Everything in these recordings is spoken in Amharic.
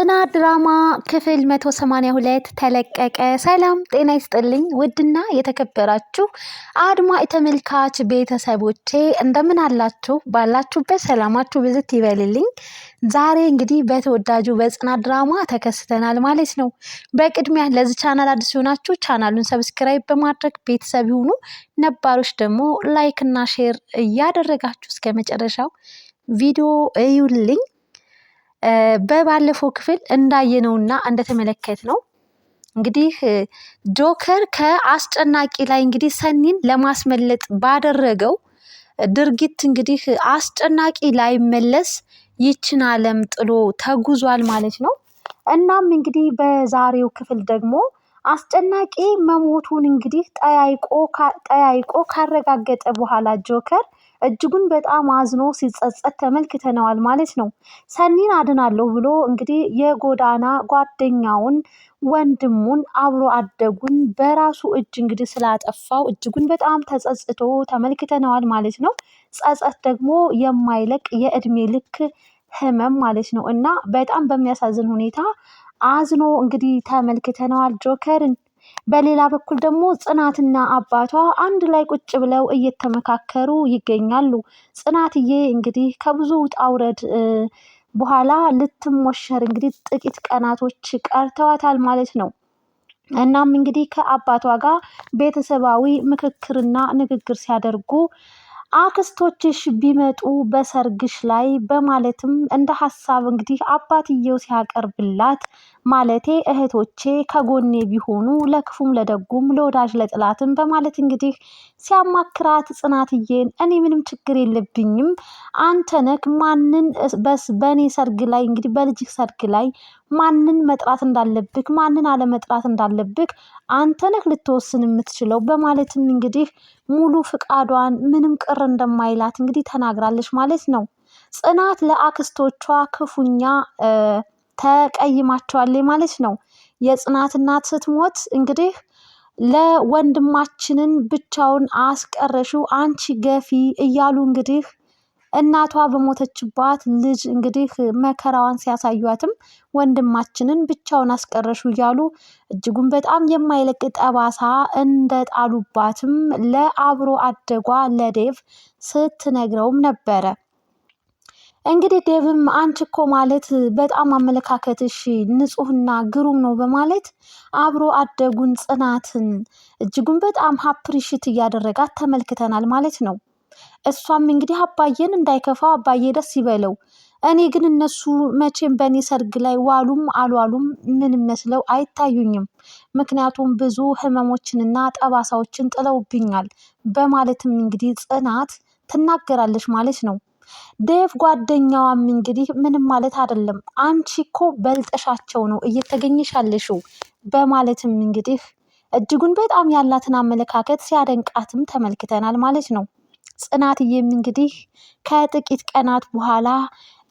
ጽናት ድራማ ክፍል 182 ተለቀቀ። ሰላም ጤና ይስጥልኝ። ውድና የተከበራችሁ አድማጭ ተመልካች ቤተሰቦቼ እንደምን አላችሁ? ባላችሁበት ሰላማችሁ ብዝት ይበልልኝ። ዛሬ እንግዲህ በተወዳጁ በጽናት ድራማ ተከስተናል ማለት ነው። በቅድሚያ ለዚህ ቻናል አዲስ የሆናችሁ ቻናሉን ሰብስክራይብ በማድረግ ቤተሰብ ይሁኑ። ነባሮች ደግሞ ላይክ እና ሼር እያደረጋችሁ እስከ መጨረሻው ቪዲዮ እዩልኝ። በባለፈው ክፍል እንዳየነውና እንደተመለከትነው እንግዲህ ጆከር ከአስጨናቂ ላይ እንግዲህ ሰኒን ለማስመለጥ ባደረገው ድርጊት እንግዲህ አስጨናቂ ላይ መለስ ይችን ዓለም ጥሎ ተጉዟል ማለት ነው። እናም እንግዲህ በዛሬው ክፍል ደግሞ አስጨናቂ መሞቱን እንግዲህ ጠያይቆ ካረጋገጠ በኋላ ጆከር እጅጉን በጣም አዝኖ ሲጸጸት ተመልክተነዋል ማለት ነው። ሰኒን አድናለሁ ብሎ እንግዲህ የጎዳና ጓደኛውን ወንድሙን አብሮ አደጉን በራሱ እጅ እንግዲህ ስላጠፋው እጅጉን በጣም ተጸጽቶ ተመልክተነዋል ማለት ነው። ጸጸት ደግሞ የማይለቅ የእድሜ ልክ ህመም ማለት ነው እና በጣም በሚያሳዝን ሁኔታ አዝኖ እንግዲህ ተመልክተነዋል ጆከርን። በሌላ በኩል ደግሞ ጽናትና አባቷ አንድ ላይ ቁጭ ብለው እየተመካከሩ ይገኛሉ። ጽናትዬ እንግዲህ ከብዙ ውጣ ውረድ በኋላ ልትሞሸር እንግዲህ ጥቂት ቀናቶች ቀርተዋታል ማለት ነው። እናም እንግዲህ ከአባቷ ጋር ቤተሰባዊ ምክክርና ንግግር ሲያደርጉ አክስቶችሽ ቢመጡ በሰርግሽ ላይ በማለትም እንደ ሀሳብ እንግዲህ አባትየው ሲያቀርብላት ማለቴ እህቶቼ ከጎኔ ቢሆኑ ለክፉም ለደጉም ለወዳጅ ለጥላትም በማለት እንግዲህ ሲያማክራት ጽናትዬን እኔ ምንም ችግር የለብኝም አንተ ነህ ማንን በእኔ ሰርግ ላይ እንግዲህ በልጅህ ሰርግ ላይ ማንን መጥራት እንዳለብህ ማንን አለመጥራት እንዳለብህ አንተ ነህ ልትወስን የምትችለው በማለትም እንግዲህ ሙሉ ፍቃዷን ምንም ቅር እንደማይላት እንግዲህ ተናግራለች ማለት ነው። ጽናት ለአክስቶቿ ክፉኛ ተቀይማቸዋል ማለት ነው። የጽናት እናት ስትሞት እንግዲህ ለወንድማችንን ብቻውን አስቀረሹ አንቺ ገፊ እያሉ እንግዲህ እናቷ በሞተችባት ልጅ እንግዲህ መከራዋን ሲያሳዩትም ወንድማችንን ብቻውን አስቀረሹ እያሉ እጅጉን በጣም የማይለቅ ጠባሳ እንደጣሉባትም ለአብሮ አደጓ ለዴቭ ስትነግረውም ነበረ። እንግዲህ ዴቭም አንቺ እኮ ማለት በጣም አመለካከትሽ ንጹህና ግሩም ነው በማለት አብሮ አደጉን ጽናትን እጅጉን በጣም ሀፕሪሽት እያደረጋት ተመልክተናል ማለት ነው። እሷም እንግዲህ አባዬን እንዳይከፋው አባዬ ደስ ይበለው፣ እኔ ግን እነሱ መቼም በእኔ ሰርግ ላይ ዋሉም አልዋሉም ምን መስለው አይታዩኝም፣ ምክንያቱም ብዙ ህመሞችንና ጠባሳዎችን ጥለውብኛል በማለትም እንግዲህ ጽናት ትናገራለች ማለት ነው። ዴቭ ጓደኛዋም እንግዲህ ምንም ማለት አይደለም አንቺ እኮ በልጠሻቸው ነው እየተገኘሽ ያለሽው በማለትም እንግዲህ እጅጉን በጣም ያላትን አመለካከት ሲያደንቃትም ተመልክተናል ማለት ነው። ጽናትዬም እንግዲህ ከጥቂት ቀናት በኋላ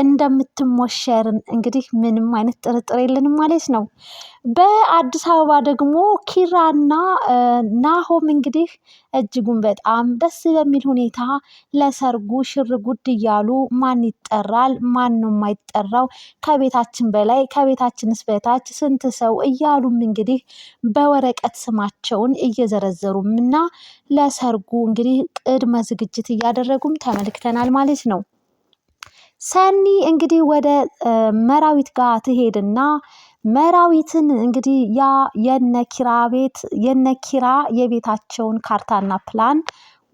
እንደምትሞሸርን እንግዲህ ምንም አይነት ጥርጥር የለንም ማለት ነው። በአዲስ አበባ ደግሞ ኪራና ናሆም እንግዲህ እጅጉን በጣም ደስ በሚል ሁኔታ ለሰርጉ ሽር ጉድ እያሉ ማን ይጠራል፣ ማን ነው የማይጠራው፣ ከቤታችን በላይ ከቤታችንስ በታች ስንት ሰው እያሉም እንግዲህ በወረቀት ስማቸውን እየዘረዘሩም እና ለሰርጉ እንግዲህ ቅድመ ዝግጅት እያደረጉም ተመልክተናል ማለት ነው። ሰኒ እንግዲህ ወደ መራዊት ጋር ትሄድና መራዊትን እንግዲህ ያ የነኪራ ቤት የነኪራ የቤታቸውን ካርታና ፕላን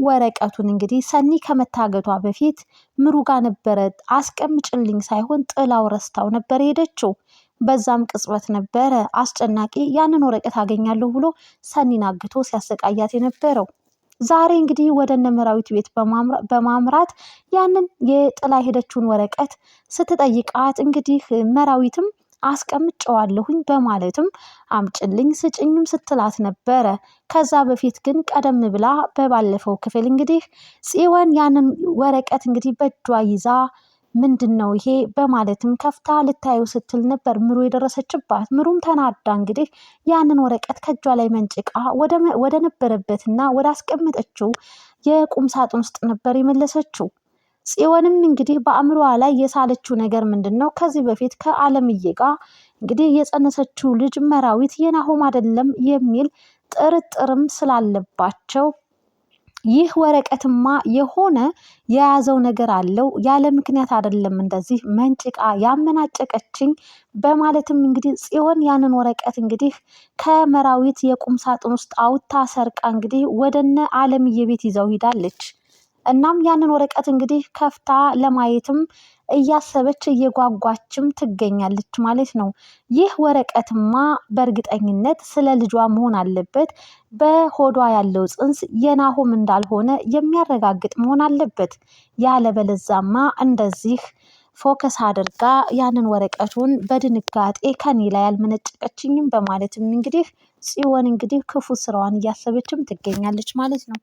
ወረቀቱን እንግዲህ ሰኒ ከመታገቷ በፊት ምሩ ጋር ነበረ አስቀምጭልኝ ሳይሆን ጥላው ረስታው ነበር ሄደችው። በዛም ቅጽበት ነበረ አስጨናቂ ያንን ወረቀት አገኛለሁ ብሎ ሰኒን አግቶ ሲያሰቃያት የነበረው። ዛሬ እንግዲህ ወደ መራዊት ቤት በማምራት ያንን የጥላ ሄደችውን ወረቀት ስትጠይቃት እንግዲህ መራዊትም አስቀምጨዋለሁኝ በማለትም አምጭልኝ ስጭኝም ስትላት ነበረ። ከዛ በፊት ግን ቀደም ብላ በባለፈው ክፍል እንግዲህ ጽዮን ያንን ወረቀት እንግዲህ በእጇ ይዛ ምንድን ነው ይሄ በማለትም ከፍታ ልታየው ስትል ነበር ምሩ የደረሰችባት። ምሩም ተናዳ እንግዲህ ያንን ወረቀት ከእጇ ላይ መንጭቃ ወደ ነበረበትና ወደ አስቀመጠችው የቁም ሳጥን ውስጥ ነበር የመለሰችው። ጽዮንም እንግዲህ በአእምሯ ላይ የሳለችው ነገር ምንድን ነው? ከዚህ በፊት ከአለምዬ ጋር እንግዲህ የጸነሰችው ልጅ መራዊት የናሆም አይደለም የሚል ጥርጥርም ስላለባቸው ይህ ወረቀትማ የሆነ የያዘው ነገር አለው ያለ ምክንያት አይደለም እንደዚህ መንጭቃ ያመናጨቀችኝ በማለትም እንግዲህ ጽዮን ያንን ወረቀት እንግዲህ ከመራዊት የቁም ሳጥን ውስጥ አውታ ሰርቃ እንግዲህ ወደነ አለምዬ ቤት ይዘው ሂዳለች። እናም ያንን ወረቀት እንግዲህ ከፍታ ለማየትም እያሰበች እየጓጓችም ትገኛለች ማለት ነው። ይህ ወረቀትማ በእርግጠኝነት ስለ ልጇ መሆን አለበት። በሆዷ ያለው ጽንስ የናሆም እንዳልሆነ የሚያረጋግጥ መሆን አለበት። ያለበለዛማ እንደዚህ ፎከስ አድርጋ ያንን ወረቀቱን በድንጋጤ ከኔ ላይ አልመነጨቀችኝም በማለትም እንግዲህ ጽዮን እንግዲህ ክፉ ስራዋን እያሰበችም ትገኛለች ማለት ነው።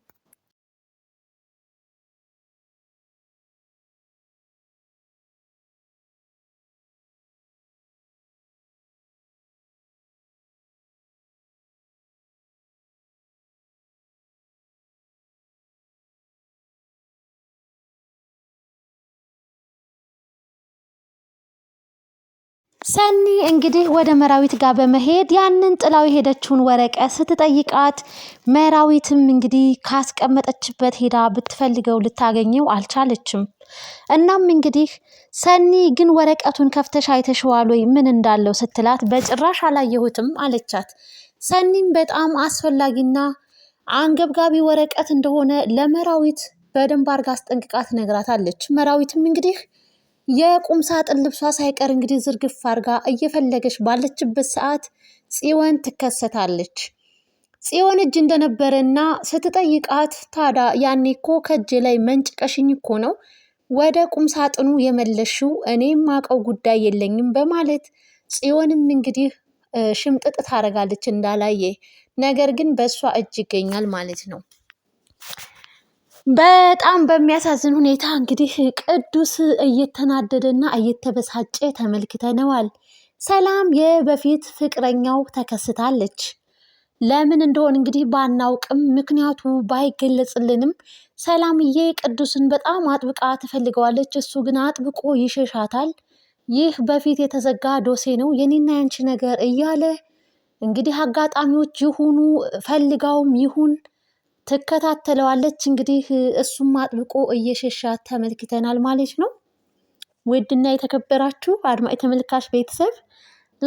ሰኒ እንግዲህ ወደ መራዊት ጋር በመሄድ ያንን ጥላው የሄደችውን ወረቀት ስትጠይቃት መራዊትም እንግዲህ ካስቀመጠችበት ሄዳ ብትፈልገው ልታገኘው አልቻለችም። እናም እንግዲህ ሰኒ ግን ወረቀቱን ከፍተሽ አይተሽዋል ወይ ምን እንዳለው ስትላት በጭራሽ አላየሁትም አለቻት። ሰኒም በጣም አስፈላጊና አንገብጋቢ ወረቀት እንደሆነ ለመራዊት በደንብ አድርጋ አስጠንቅቃ ትነግራታለች። መራዊትም እንግዲህ የቁም ሳጥን ልብሷ ሳይቀር እንግዲህ ዝርግፍ አድርጋ እየፈለገች ባለችበት ሰዓት ጽዮን ትከሰታለች። ጽዮን እጅ እንደነበረና ስትጠይቃት ታዳ ያኔ እኮ ከእጄ ላይ መንጭቀሽኝ እኮ ነው ወደ ቁም ሳጥኑ የመለሽው እኔም አቀው ጉዳይ የለኝም በማለት ጽዮንም እንግዲህ ሽምጥጥ ታደርጋለች እንዳላየ ነገር ግን በእሷ እጅ ይገኛል ማለት ነው። በጣም በሚያሳዝን ሁኔታ እንግዲህ ቅዱስ እየተናደደና እየተበሳጨ ተመልክተነዋል። ሰላም የበፊት ፍቅረኛው ተከስታለች። ለምን እንደሆን እንግዲህ ባናውቅም ምክንያቱ ባይገለጽልንም ሰላምዬ ቅዱስን በጣም አጥብቃ ትፈልገዋለች። እሱ ግን አጥብቆ ይሸሻታል። ይህ በፊት የተዘጋ ዶሴ ነው የኔና ያንቺ ነገር እያለ እንግዲህ አጋጣሚዎች ይሁኑ ፈልጋውም ይሁን ትከታተለዋለች። እንግዲህ እሱም አጥብቆ እየሸሻ ተመልክተናል ማለት ነው። ውድና የተከበራችሁ አድማጭ ተመልካች ቤተሰብ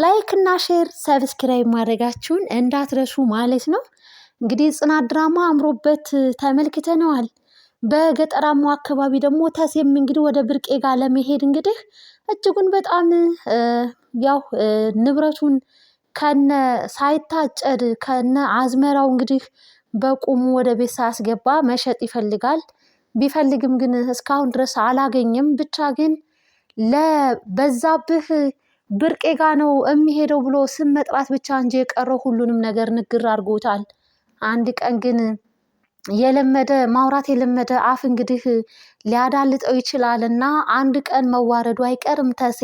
ላይክ እና ሼር ሰብስክራይብ ማድረጋችሁን እንዳትረሱ ማለት ነው። እንግዲህ ጽናት ድራማ አምሮበት ተመልክተነዋል። በገጠራማው አካባቢ ደግሞ ተሴም እንግዲህ ወደ ብርቄ ጋር ለመሄድ እንግዲህ እጅጉን በጣም ያው ንብረቱን ከነ ሳይታጨድ ከነ አዝመራው እንግዲህ በቁሙ ወደ ቤት ሳያስገባ መሸጥ ይፈልጋል። ቢፈልግም ግን እስካሁን ድረስ አላገኘም። ብቻ ግን ለበዛብህ ብርቄ ጋ ነው የሚሄደው ብሎ ስም መጥራት ብቻ እንጂ የቀረው ሁሉንም ነገር ንግር አድርጎታል። አንድ ቀን ግን የለመደ ማውራት የለመደ አፍ እንግዲህ ሊያዳልጠው ይችላል እና አንድ ቀን መዋረዱ አይቀርም። ተሴ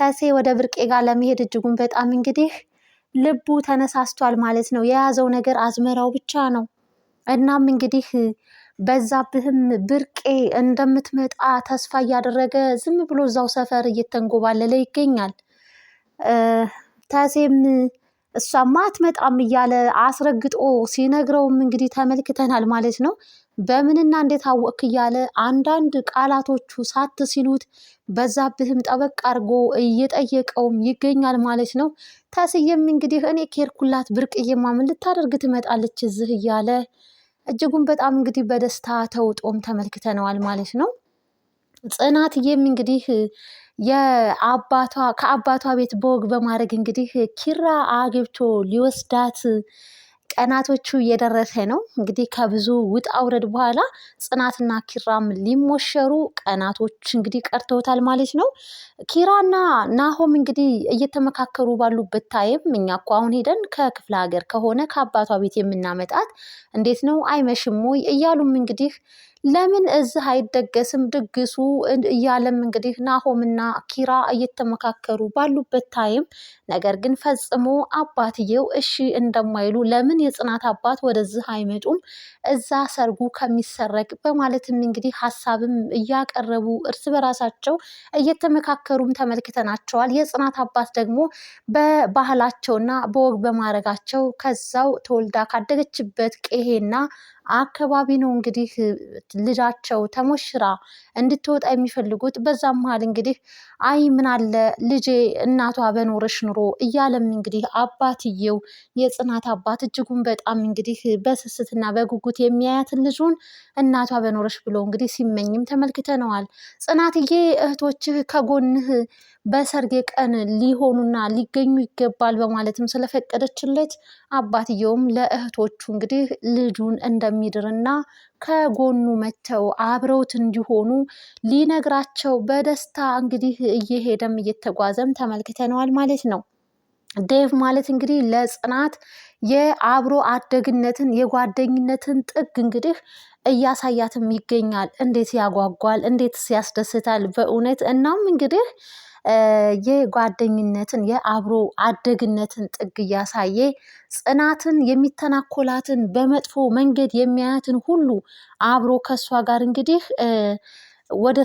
ተሴ ወደ ብርቄ ጋር ለመሄድ እጅጉን በጣም እንግዲህ ልቡ ተነሳስቷል ማለት ነው። የያዘው ነገር አዝመራው ብቻ ነው። እናም እንግዲህ በዛብህም ብርቄ እንደምትመጣ ተስፋ እያደረገ ዝም ብሎ እዛው ሰፈር እየተንጎባለለ ይገኛል። ተሴም እሷማ አትመጣም እያለ አስረግጦ ሲነግረውም እንግዲህ ተመልክተናል ማለት ነው። በምንና እንዴት አወቅክ እያለ አንዳንድ ቃላቶቹ ሳት ሲሉት በዛብህም ጠበቅ አድርጎ እየጠየቀውም ይገኛል ማለት ነው። ተስዬም እንግዲህ እኔ ኬርኩላት ብርቅዬማ ምን ልታደርግ ትመጣለች እዚህ እያለ እጅጉን በጣም እንግዲህ በደስታ ተውጦም ተመልክተነዋል ማለት ነው። ጽናትዬም እንግዲህ የአባቷ ከአባቷ ቤት በወግ በማድረግ እንግዲህ ኪራ አግብቶ ሊወስዳት ቀናቶቹ እየደረሰ ነው እንግዲህ ከብዙ ውጣ ውረድ በኋላ ጽናትና ኪራም ሊሞሸሩ ቀናቶች እንግዲህ ቀርተውታል ማለት ነው። ኪራና ናሆም እንግዲህ እየተመካከሩ ባሉበት ታይም እኛ እኮ አሁን ሄደን ከክፍለ ሀገር ከሆነ ከአባቷ ቤት የምናመጣት እንዴት ነው አይመሽም ወይ እያሉም እንግዲህ ለምን እዚህ አይደገስም ድግሱ እያለም እንግዲህ ናሆምና ኪራ እየተመካከሩ ባሉበት ታይም ነገር ግን ፈጽሞ አባትየው እሺ እንደማይሉ ለምን የጽናት አባት ወደዚህ አይመጡም እዛ ሰርጉ ከሚሰረግ በማለትም እንግዲህ ሀሳብም እያቀረቡ እርስ በራሳቸው እየተመካከሩም ተመልክተናቸዋል። የጽናት አባት ደግሞ በባህላቸውና በወግ በማድረጋቸው ከዛው ተወልዳ ካደገችበት ቄሄና አካባቢ ነው እንግዲህ ልጃቸው ተሞሽራ እንድትወጣ የሚፈልጉት። በዛም መሀል እንግዲህ አይ ምናለ ልጄ እናቷ በኖረሽ ኑሮ እያለም እንግዲህ አባትየው የጽናት አባት እጅጉን በጣም እንግዲህ በስስትና በጉጉት የሚያያትን ልጁን እናቷ በኖረሽ ብሎ እንግዲህ ሲመኝም ተመልክተነዋል። ጽናትዬ እህቶችህ ከጎንህ በሰርጌ ቀን ሊሆኑና ሊገኙ ይገባል በማለትም ስለፈቀደችለት አባትየውም ለእህቶቹ እንግዲህ ልጁን እንደ እንደሚድርና ከጎኑ መጥተው አብረውት እንዲሆኑ ሊነግራቸው በደስታ እንግዲህ እየሄደም እየተጓዘም ተመልክተነዋል ማለት ነው። ዴቭ ማለት እንግዲህ ለጽናት የአብሮ አደግነትን የጓደኝነትን ጥግ እንግዲህ እያሳያትም ይገኛል። እንዴት ያጓጓል! እንዴት ያስደስታል! በእውነት እናም እንግዲህ የጓደኝነትን የአብሮ አደግነትን ጥግ እያሳየ ጽናትን የሚተናኮላትን በመጥፎ መንገድ የሚያያትን ሁሉ አብሮ ከእሷ ጋር እንግዲህ ወደ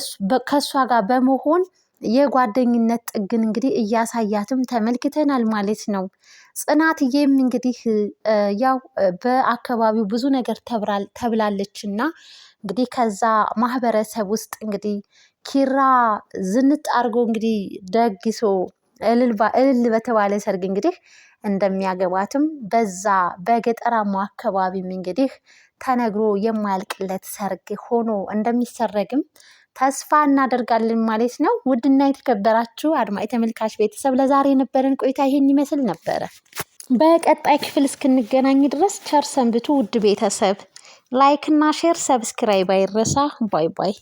ከእሷ ጋር በመሆን የጓደኝነት ጥግን እንግዲህ እያሳያትም ተመልክተናል ማለት ነው። ጽናትዬም እንግዲህ ያው በአካባቢው ብዙ ነገር ተብላለች እና እንግዲህ ከዛ ማህበረሰብ ውስጥ እንግዲህ ኪራ ዝንጥ አድርጎ እንግዲህ ደግሶ እልል በተባለ ሰርግ እንግዲህ እንደሚያገባትም በዛ በገጠራማው አካባቢም እንግዲህ ተነግሮ የማያልቅለት ሰርግ ሆኖ እንደሚሰረግም ተስፋ እናደርጋለን ማለት ነው። ውድና የተከበራችሁ አድማጭ ተመልካች ቤተሰብ ለዛሬ የነበረን ቆይታ ይሄን ይመስል ነበረ። በቀጣይ ክፍል እስክንገናኝ ድረስ ቸር ሰንብቱ ውድ ቤተሰብ። ላይክ እና ሼር፣ ሰብስክራይብ አይረሳ። ባይ ባይ።